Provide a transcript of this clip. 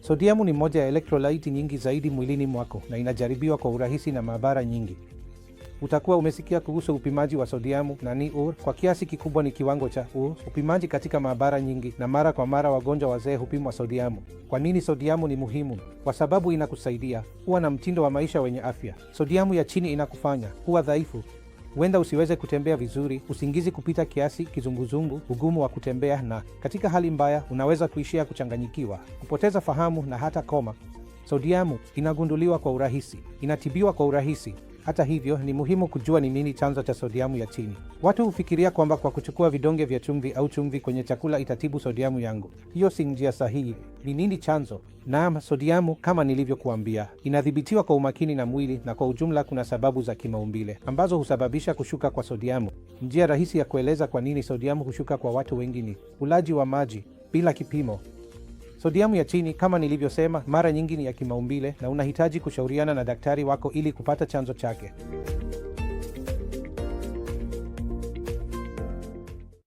Sodiamu ni moja ya elektrolaiti nyingi zaidi mwilini mwako na inajaribiwa kwa urahisi na maabara nyingi. Utakuwa umesikia kuhusu upimaji wa sodiamu na ni ur, kwa kiasi kikubwa ni kiwango cha ur, upimaji katika maabara nyingi, na mara kwa mara wagonjwa wazee hupimwa sodiamu. Kwa nini sodiamu ni muhimu? Kwa sababu inakusaidia kuwa na mtindo wa maisha wenye afya. Sodiamu ya chini inakufanya kuwa dhaifu, Huenda usiweze kutembea vizuri, usingizi kupita kiasi, kizunguzungu, ugumu wa kutembea, na katika hali mbaya unaweza kuishia kuchanganyikiwa, kupoteza fahamu na hata koma. Sodiamu inagunduliwa kwa urahisi, inatibiwa kwa urahisi. Hata hivyo, ni muhimu kujua ni nini chanzo cha sodiamu ya chini. Watu hufikiria kwamba kwa kuchukua vidonge vya chumvi au chumvi kwenye chakula itatibu sodiamu yangu. Hiyo si njia sahihi. Ni nini chanzo? Naam, sodiamu kama nilivyokuambia inadhibitiwa kwa umakini na mwili, na kwa ujumla kuna sababu za kimaumbile ambazo husababisha kushuka kwa sodiamu. Njia rahisi ya kueleza kwa nini sodiamu hushuka kwa watu wengi ni ulaji wa maji bila kipimo. Sodiamu ya chini kama nilivyosema, mara nyingi ni ya kimaumbile na unahitaji kushauriana na daktari wako ili kupata chanzo chake.